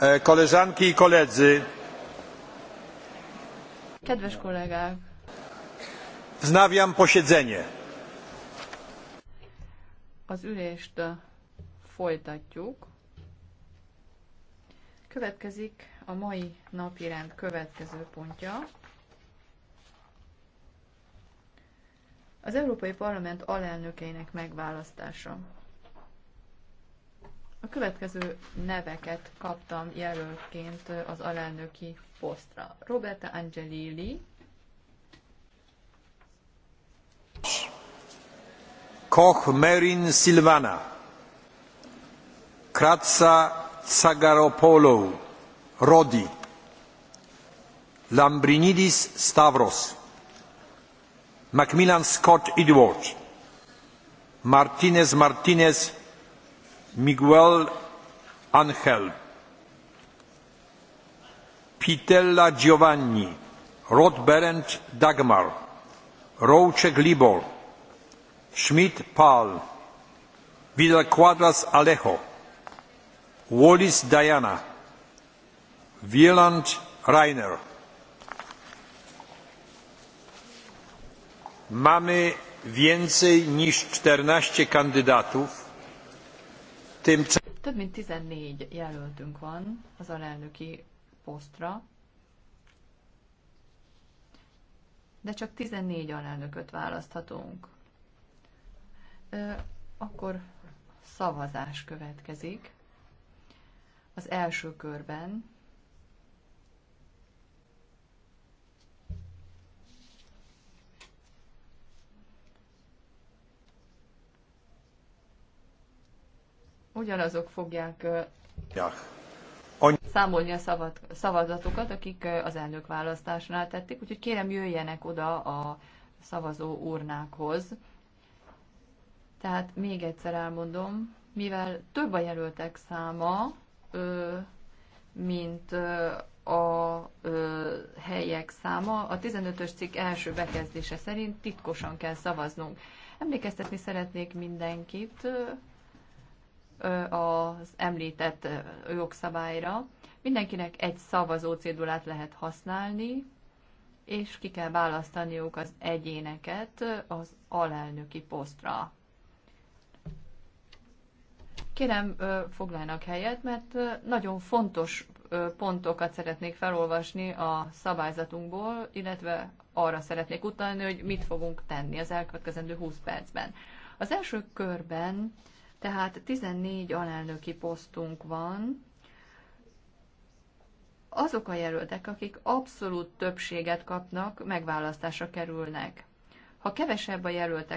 E, koleżanki i koledzy. Kedves kollégák. Wznawiam posiedzenie. Az ülést e, folytatjuk. Következik a mai napirend következő pontja. Az Európai Parlament alelnökeinek megválasztása. A következő neveket kaptam jelöltként az alelnöki posztra. Roberta Angelilli. Koch Merin Silvana. Kratza Tsagaropoulou. Rodi. Lambrinidis Stavros. Macmillan Scott Edward. Martinez Martinez Miguel Angel, Pitella Giovanni, Berend Dagmar, Rouczek Libor, Schmidt Paul, Vidal Quadras Alejo, Wallis Diana, Wieland Reiner. Mamy więcej niż 14 kandydatów több mint 14 jelöltünk van az alelnöki posztra, de csak 14 alelnököt választhatunk. Akkor szavazás következik. Az első körben ugyanazok fogják ja. számolni a szavat, szavazatokat, akik az elnök választásnál tették, úgyhogy kérem jöjjenek oda a szavazó urnákhoz. Tehát még egyszer elmondom, mivel több a jelöltek száma, mint a helyek száma. A 15-ös cikk első bekezdése szerint titkosan kell szavaznunk. Emlékeztetni szeretnék mindenkit, az említett jogszabályra. Mindenkinek egy szavazó cédulát lehet használni, és ki kell választaniuk az egyéneket az alelnöki posztra. Kérem, foglalnak helyet, mert nagyon fontos pontokat szeretnék felolvasni a szabályzatunkból, illetve arra szeretnék utalni, hogy mit fogunk tenni az elkövetkezendő 20 percben. Az első körben tehát 14 alelnöki posztunk van, azok a jelöltek, akik abszolút többséget kapnak, megválasztásra kerülnek. Ha kevesebb a jelöltek,